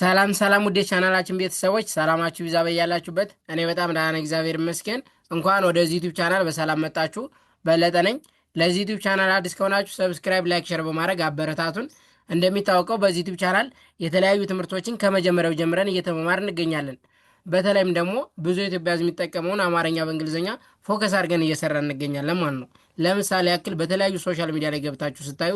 ሰላም ሰላም ውዴ ቻናላችን ቤተሰቦች ሰላማችሁ ይብዛ በያላችሁበት። እኔ በጣም ደህና ነኝ፣ እግዚአብሔር ይመስገን። እንኳን ወደዚህ ዩቲዩብ ቻናል በሰላም መጣችሁ። በለጠ ነኝ። ለዚህ ዩቲዩብ ቻናል አዲስ ከሆናችሁ ሰብስክራይብ፣ ላይክ፣ ሸር በማድረግ አበረታቱን። እንደሚታወቀው በዚህ ዩቲዩብ ቻናል የተለያዩ ትምህርቶችን ከመጀመሪያው ጀምረን እየተመማር እንገኛለን። በተለይም ደግሞ ብዙ ኢትዮጵያ የሚጠቀመውን አማርኛ በእንግሊዝኛ ፎከስ አድርገን እየሰራ እንገኛለን ማለት ነው። ለምሳሌ ያክል በተለያዩ ሶሻል ሚዲያ ላይ ገብታችሁ ስታዩ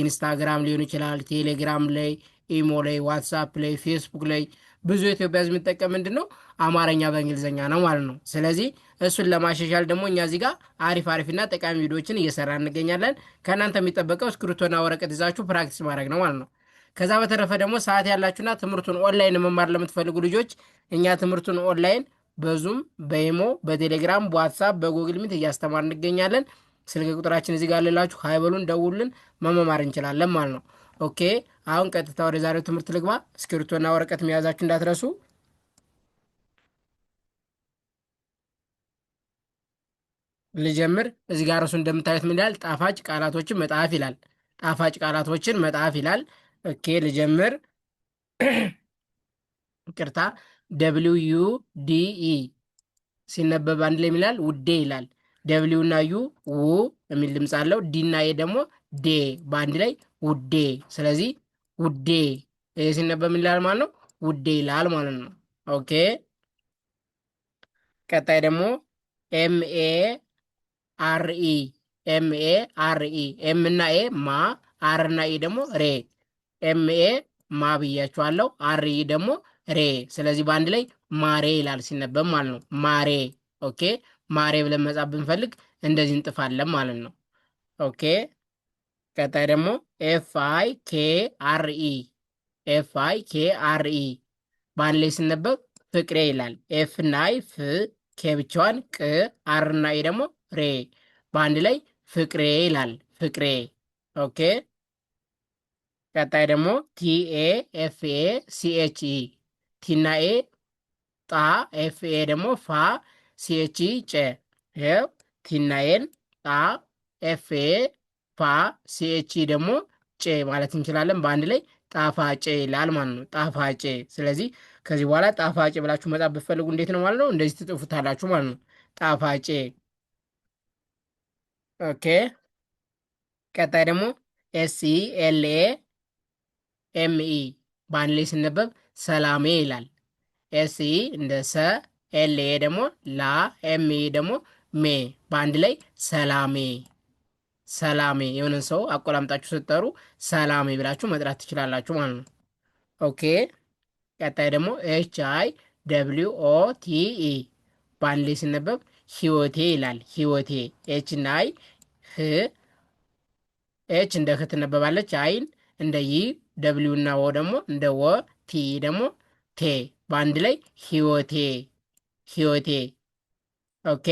ኢንስታግራም ሊሆን ይችላል፣ ቴሌግራም ላይ፣ ኢሞ ላይ፣ ዋትሳፕ ላይ፣ ፌስቡክ ላይ ብዙ ኢትዮጵያ ሕዝብ የሚጠቀም ምንድን ነው አማርኛ በእንግሊዝኛ ነው ማለት ነው። ስለዚህ እሱን ለማሻሻል ደግሞ እኛ እዚህ ጋር አሪፍ አሪፍና ጠቃሚ ቪዲዮችን እየሰራ እንገኛለን። ከእናንተ የሚጠበቀው እስክሪቶና ወረቀት ይዛችሁ ፕራክቲስ ማድረግ ነው ማለት ነው። ከዛ በተረፈ ደግሞ ሰዓት ያላችሁና ትምህርቱን ኦንላይን መማር ለምትፈልጉ ልጆች እኛ ትምህርቱን ኦንላይን በዙም በኢሞ በቴሌግራም በዋትሳፕ በጉግል ሚት እያስተማር እንገኛለን። ስልክ ቁጥራችን እዚህ ጋር ልላችሁ ሀይበሉን ደውልን መመማር እንችላለን ማለት ነው። ኦኬ አሁን ቀጥታ ወደ ዛሬው ትምህርት ልግባ። እስክሪብቶና ወረቀት መያዛችሁ እንዳትረሱ። ልጀምር። እዚህ ጋር እሱ እንደምታዩት ምን ይላል? ጣፋጭ ቃላቶችን መጣፍ ይላል። ጣፋጭ ቃላቶችን መጣፍ ይላል። ኦኬ ልጀምር። ቅርታ ደብሊው ዩ ዲ ኢ ሲነበብ አንድ ላይ ይላል ውዴ ይላል። ደብሊው እና ዩ ው የሚል ድምፅ አለው። ዲ እና ኤ ደግሞ ዴ በአንድ ላይ ውዴ። ስለዚህ ውዴ ሲነበብ ምን ይላል ማለት ነው? ውዴ ይላል ማለት ነው። ኦኬ ቀጣይ ደግሞ ኤምኤ አርኢ ኤምኤ አርኢ ኤም እና ኤ ማ አር እና ኢ ደግሞ ሬ ኤምኤ ማ ብያችኋለሁ። አርኢ ደግሞ ሬ። ስለዚህ በአንድ ላይ ማሬ ይላል ሲነበብ ማለት ነው። ማሬ ኦኬ ማሬ ብለን መጻፍ ብንፈልግ እንደዚህ እንጥፋለን ማለት ነው። ኦኬ ቀጣይ ደግሞ ኤፍ አይ ኬ አር ኢ ኤፍ አይ ኬ አር ኢ በአንድ ላይ ስነበብ ፍቅሬ ይላል። ኤፍ እና አይ ፍ፣ ኬ ብቻዋን ቅ፣ አር እና ኢ ደግሞ ሬ። በአንድ ላይ ፍቅሬ ይላል። ፍቅሬ። ኦኬ ቀጣይ ደግሞ ቲ ኤ ኤፍ ኤ ሲ ኤች ኢ ቲና ኤ ጣ፣ ኤፍ ኤ ደግሞ ፋ ሲኤች ጨ ው ቲናኤን ጣ ኤፍኤ ፋ ch ደግሞ ጬ ማለት እንችላለን። በአንድ ላይ ጣፋጬ ይላል ማለት ነው። ጣፋጬ። ስለዚህ ከዚህ በኋላ ጣፋጬ ብላችሁ መጻፍ ብትፈልጉ እንዴት ነው ማለት ነው? እንደዚህ ትጽፉታላችሁ ማለት ነው። ጣፋጬ። ኦኬ። ቀጣይ ደግሞ ኤስ ኢ ኤል ኤ ኤም ኢ በአንድ ላይ ስነበብ ሰላሜ ይላል። ኤስ እንደ ሰ ኤልኤ ደግሞ ላ ኤምኤ ደግሞ ሜ በአንድ ላይ ሰላሜ ሰላሜ የሆነን ሰው አቆላምጣችሁ ስትጠሩ ሰላሜ ብላችሁ መጥራት ትችላላችሁ ማለት ነው። ኦኬ ቀጣይ ደግሞ ኤች አይ ደብሊው ኦ ቲ ኢ በአንድ ላይ ሲነበብ ህይወቴ ይላል። ህይወቴ ኤች እና አይ ህ ኤች እንደ ህ ትነበባለች። አይን እንደ ይ ደብሊው እና ወ ደግሞ እንደ ወ ቲ ደግሞ ቴ በአንድ ላይ ህይወቴ ህይወቴ። ኦኬ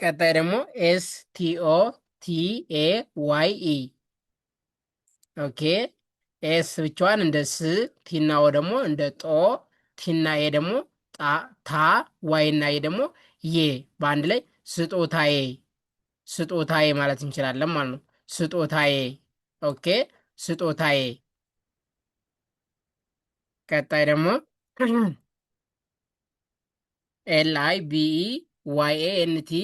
ቀጣይ ደግሞ ኤስ ቲኦ ቲኤ ዋይ ኢ ኦኬ ኤስ ብቻዋን እንደ ስ ቲና ኦ ደግሞ እንደ ጦ ቲና ኤ ደግሞ ታ ዋይ እና የ ደግሞ የ በአንድ ላይ ስጦታዬ ስጦታዬ ማለት እንችላለን ማለት ነው። ስጦታዬ ኦኬ ስጦታዬ ቀጣይ ደግሞ ኤል አይ ቢኢ ዋይ ኤ ኤን ቲ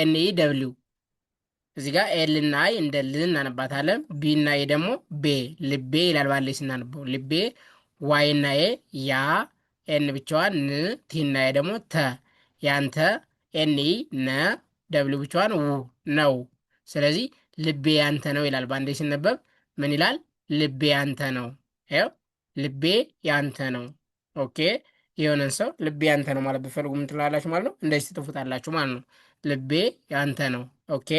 ኤን ኢ ደብሊው እዚህ ጋር ኤል እና አይ እንደ ል እናነባታለን። ቢ እና ኤ ደግሞ ቤ ልቤ ይላል። ባለ ስናነበው ልቤ ዋይ እና ኤ ያ ኤን ብቻዋን ን ቲ እና ኤ ደግሞ ተ ያንተ ኤን ኢ ነ ደብሊው ብቻዋን ው ነው። ስለዚህ ልቤ ያንተ ነው ይላል። ባንዴ ሲነበብ ምን ይላል? ልቤ ያንተ ነው። ልቤ ያንተ ነው። ኦኬ የሆነን ሰው ልቤ ያንተ ነው ማለት ብፈልጉ ምን ትላላችሁ ማለት ነው? እንደዚህ ትጽፉታላችሁ ማለት ነው። ልቤ ያንተ ነው። ኦኬ።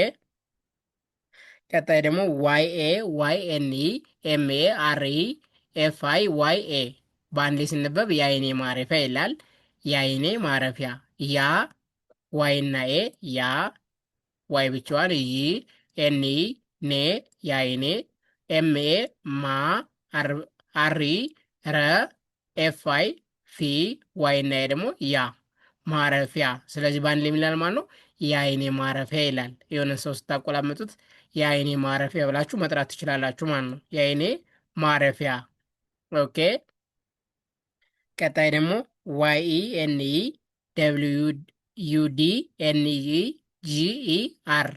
ቀጣይ ደግሞ ዋይ ኤ ዋይ ኤን ኢ ኤም ኤ አር ኢ ኤፍ አይ ዋይ ኤ በአንድ ላይ ስንበብ የአይኔ ማረፊያ ይላል። የአይኔ ማረፊያ ያ ዋይ እና ኤ ያ ዋይ ብቻዋን ይ ኤን ኢ ኔ የአይኔ ኤም ኤ ማ አሪ ረ ኤፍ አይ ፊ ዋይ እና ደግሞ ያ ማረፊያ። ስለዚህ በአንድ ላይ የሚላል ማለት ነው የአይኔ ማረፊያ ይላል። የሆነ ሰው ስታቆላመጡት የአይኔ ማረፊያ ብላችሁ መጥራት ትችላላችሁ ማለት ነው። የአይኔ ማረፊያ። ኦኬ። ቀጣይ ደግሞ ዋይ ኢ ኤን ኢ ዩ ዲ ኤን ኢ ጂ ኢ አር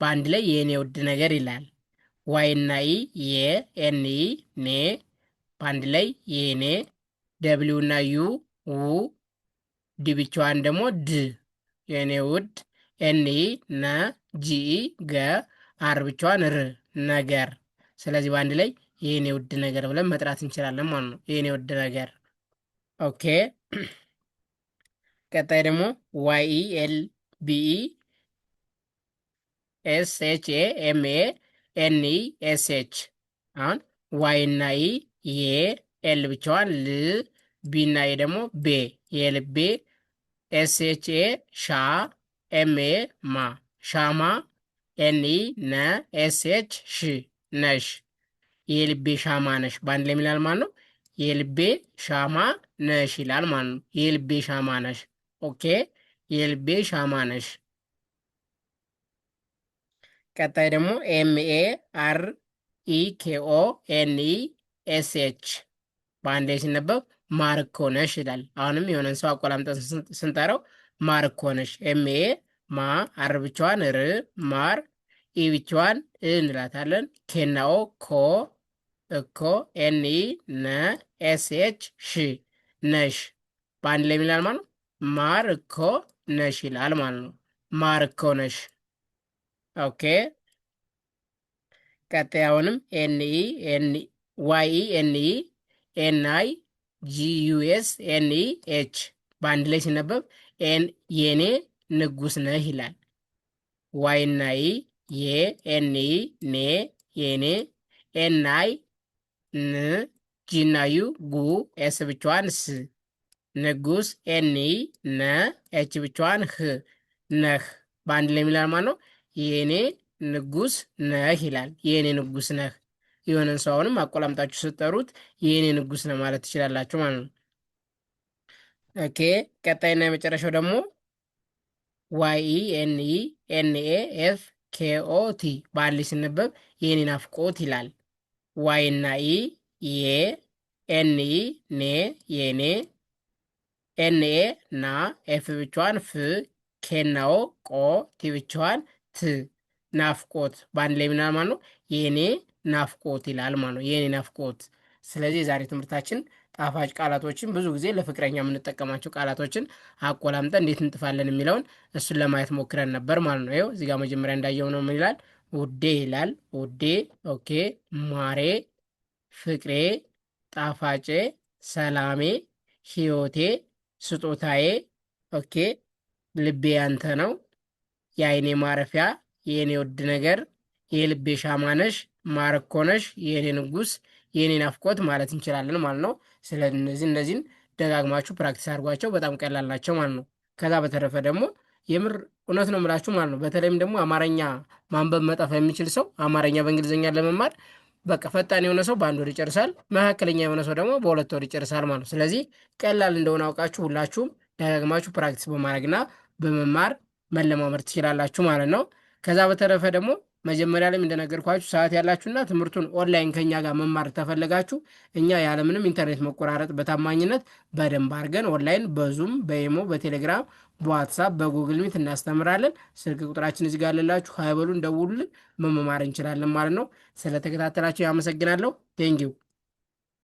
በአንድ ላይ የኔ ውድ ነገር ይላል። ዋይ እና ኢ የ ኤን ኢ ኔ በአንድ ላይ የኔ ደብሊው እና ዩ ው ድ ብቻዋን ደግሞ ድ የኔ ውድ ኤን ነ ጂ ገ አር ብቻዋን ር ነገር። ስለዚህ በአንድ ላይ የኔ ውድ ነገር ብለን መጥራት እንችላለን ማለት ነው። የኔ ውድ ነገር። ኦኬ ቀጣይ ደግሞ ዋይ ኢ ኤል ቢ ኢ ኤስ ኤች ኤ ኤም ኤ ኤን ኢ ኤስ ኤች አሁን ዋይ እና ኢ ዬ ኤል ብቻዋን ል ቢ እና ኤ ደግሞ ቤ የኤል ቤ ኤስ ኤች ኤ ሻ ኤም ኤ ማ ሻማ ኤን ኢ ነ ኤስ ኤች ሺ ነሽ የልቤ ሻማ ነሽ በአንድ ላይ የሚላል ማለት ነው። የልቤ ሻማ ነሽ ይላል ማለት ነው። የልቤ ሻማ ነሽ። ኦኬ የልቤ ሻማ ነሽ። ቀጣይ ደግሞ ኤምኤ አር ኢ ኬኦ ኤን ኢ ኤስ ኤች በአንድ ላይ ሲነበብ ማርኮ ነሽ ይላል። አሁንም የሆነን ሰው አቆላምጠን ስንጠራው ማርኮ ነሽ ኤምኤ ማ አር ብቻዋን ር ማር ኢ ብቻዋን እ እንላታለን። ኬናኦ ኮ እኮ ኤን ኢ ነ ኤስ ኤች ሺ ነሽ በአንድ ላይ የሚላል ማለት ነው። ማር እኮ ነሽ ይላል ማለት ነው። ማር እኮ ነሽ። ኦኬ ቀጣይ አሁንም ኤን ኢ ኤን ዋይ ኢ ኤን ኢ ኤን አይ ጂዩኤስ ኤን ኢ ኤች በአንድ ላይ ሲነበብ የኔ ንጉስ ነህ ይላል። ዋይ እና ኢ የ ኤን ኢ ኔ የኔ ኤን አይ ን ጂናዩ ጉ ኤስ ብቻዋን ስ ንጉስ ኤን ኢ ነ ኤች ብቻዋን ህ ነህ በአንድ ላይ የሚላል ማለት ነው። የኔ ንጉስ ነህ ይላል። የኔ ንጉስ ነህ የሆነን ሰው አሁንም አቆላምጣችሁ ስጠሩት የእኔ ንጉስ ነው ማለት ትችላላችሁ ማለት ነው። ኦኬ ቀጣይና የመጨረሻው ደግሞ ዋይ ኢ ኤን ኢ ኤን ኤ ኤፍ ኬ ኦ ቲ በአንድ ሲነበብ የኔ ናፍቆት ይላል። ዋይ እና ኢ ዬ ኤን ኢ ኔ የኔ ኤን ኤ ና ኤፍ ብቻዋን ፍ ኬናኦ ቆ ቲ ብቻዋን ት ናፍቆት በአንድ ላይ ምናል ማለት ነው የኔ ናፍቆት ይላል ማለት ነው። የኔ ናፍቆት። ስለዚህ የዛሬ ትምህርታችን ጣፋጭ ቃላቶችን ብዙ ጊዜ ለፍቅረኛ የምንጠቀማቸው ቃላቶችን አቆላምጠን እንዴት እንጥፋለን የሚለውን እሱን ለማየት ሞክረን ነበር ማለት ነው። ይኸው እዚጋ መጀመሪያ እንዳየው ነው ምን ይላል? ውዴ ይላል። ውዴ፣ ኦኬ፣ ማሬ፣ ፍቅሬ፣ ጣፋጬ፣ ሰላሜ፣ ህይወቴ፣ ስጦታዬ፣ ኦኬ፣ ልቤ ያንተ ነው፣ የአይኔ ማረፊያ፣ የእኔ ውድ ነገር፣ የልቤ ሻማነሽ ማርኮነሽ የኔ የእኔ ንጉስ፣ የእኔ ናፍቆት ማለት እንችላለን ማለት ነው። ስለዚህ እነዚህን ደጋግማችሁ ፕራክቲስ አድርጓቸው፣ በጣም ቀላል ናቸው ማለት ነው። ከዛ በተረፈ ደግሞ የምር እውነት ነው የምላችሁ ማለት ነው። በተለይም ደግሞ አማርኛ ማንበብ መጣፍ የሚችል ሰው አማርኛ በእንግሊዝኛ ለመማር በቃ ፈጣን የሆነ ሰው በአንድ ወር ይጨርሳል። መካከለኛ የሆነ ሰው ደግሞ በሁለት ወር ይጨርሳል ማለት ነው። ስለዚህ ቀላል እንደሆነ አውቃችሁ ሁላችሁም ደጋግማችሁ ፕራክቲስ በማድረግና በመማር መለማመር ትችላላችሁ ማለት ነው። ከዛ በተረፈ ደግሞ መጀመሪያ ላይም እንደነገርኳችሁ ሰዓት ያላችሁና ትምህርቱን ኦንላይን ከኛ ጋር መማር ተፈለጋችሁ እኛ ያለምንም ኢንተርኔት መቆራረጥ በታማኝነት በደንብ አድርገን ኦንላይን በዙም በኢሞ በቴሌግራም በዋትሳፕ በጉግል ሚት እናስተምራለን። ስልክ ቁጥራችን እዚህ ጋር አለላችሁ። ሀይበሉን ደውሉልን፣ መማር እንችላለን ማለት ነው። ስለተከታተላችሁ ያመሰግናለሁ። ቴንኪው